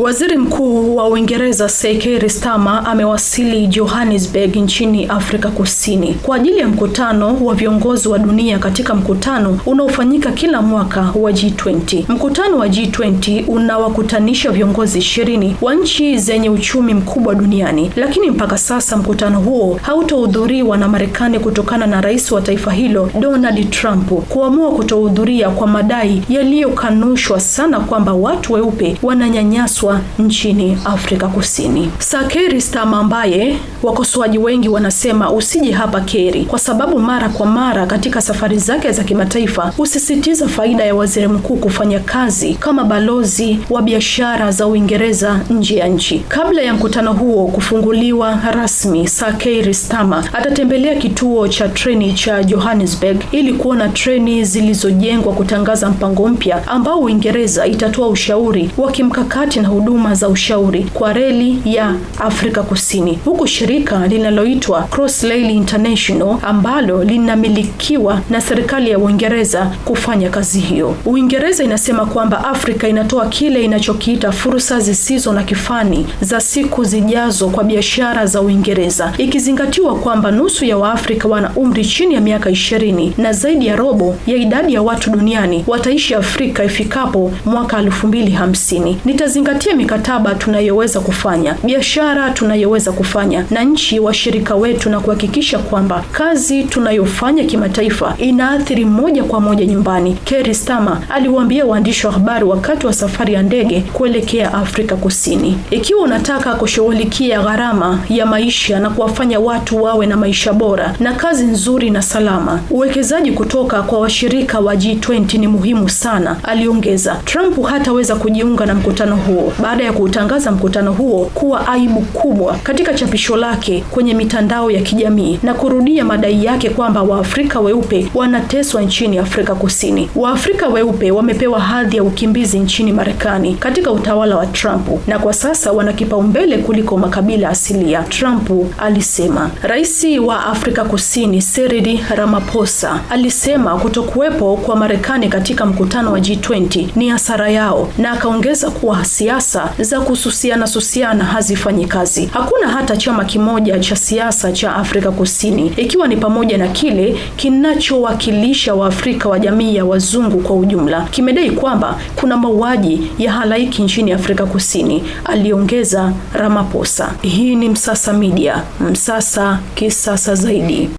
Waziri Mkuu wa Uingereza Sir Keir Starmer amewasili Johannesburg nchini Afrika Kusini kwa ajili ya mkutano wa viongozi wa dunia katika mkutano unaofanyika kila mwaka wa G20. Mkutano wa G20 unawakutanisha viongozi ishirini wa nchi zenye uchumi mkubwa duniani, lakini mpaka sasa mkutano huo hautohudhuriwa na Marekani kutokana na rais wa taifa hilo Donald Trump kuamua kutohudhuria kwa madai yaliyokanushwa sana kwamba watu weupe wananyanyaswa haswa nchini Afrika Kusini. Sakeri Stama, ambaye wakosoaji wengi wanasema usije hapa Keri, kwa sababu mara kwa mara katika safari zake za kimataifa husisitiza faida ya waziri mkuu kufanya kazi kama balozi wa biashara za Uingereza nje ya nchi. Kabla ya mkutano huo kufunguliwa rasmi, Sakei stama atatembelea kituo cha treni cha Johannesburg ili kuona treni zilizojengwa kutangaza mpango mpya ambao Uingereza itatoa ushauri wa kimkakati na huduma za ushauri kwa reli ya Afrika Kusini, huku shirika linaloitwa Cross Rail International ambalo linamilikiwa na serikali ya Uingereza kufanya kazi hiyo. Uingereza inasema kwamba Afrika inatoa kile inachokiita fursa zisizo na kifani za siku zijazo kwa biashara za Uingereza, ikizingatiwa kwamba nusu ya Waafrika wana umri chini ya miaka ishirini na zaidi ya robo ya idadi ya watu duniani wataishi Afrika ifikapo mwaka elfu mbili hamsini. Nitazingatia kupitia mikataba tunayoweza kufanya, biashara tunayoweza kufanya na nchi washirika wetu, na kuhakikisha kwamba kazi tunayofanya kimataifa inaathiri moja kwa moja nyumbani. Kerry Starmer aliwaambia waandishi wa habari wakati wa safari ya ndege kuelekea Afrika Kusini. Ikiwa unataka kushughulikia gharama ya maisha na kuwafanya watu wawe na maisha bora na kazi nzuri na salama, uwekezaji kutoka kwa washirika wa G20 ni muhimu sana, aliongeza. Trump hataweza kujiunga na mkutano huo baada ya kuutangaza mkutano huo kuwa aibu kubwa katika chapisho lake kwenye mitandao ya kijamii na kurudia madai yake kwamba Waafrika weupe wanateswa nchini Afrika Kusini. Waafrika weupe wamepewa hadhi ya ukimbizi nchini Marekani katika utawala wa Trump na kwa sasa wana kipaumbele kuliko makabila asilia, Trump alisema. Rais wa Afrika Kusini Cyril Ramaphosa alisema kutokuwepo kwa Marekani katika mkutano wa G20 ni hasara yao na akaongeza kuwa siasa siasa za kususiana susiana hazifanyi kazi. Hakuna hata chama kimoja cha siasa cha Afrika Kusini, ikiwa ni pamoja na kile kinachowakilisha Waafrika wa jamii ya wazungu kwa ujumla, kimedai kwamba kuna mauaji ya halaiki nchini Afrika Kusini, aliongeza Ramaphosa. Hii ni Msasa Media, Msasa kisasa zaidi.